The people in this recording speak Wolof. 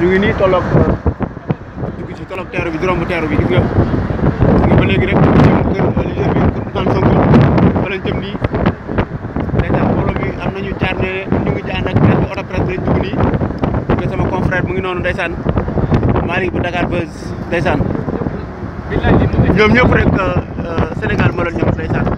ñu ngi nii tolloog dugg ci tolloog teeru bi juróom bu teeru bi nga gis nga ba léegi rek jëm kër leader bi Ousmane Sonko fa lañ jëm nii dèjà mbooloo mi nañu jaar ñu ngi jaar nag presse bi oto presse lañ mu ngi noonu ndeysaan Malick bu Dakar Buzz ndeysaan ñoom ñëpp rek euh, Sénégal moo ñoom ndeysaan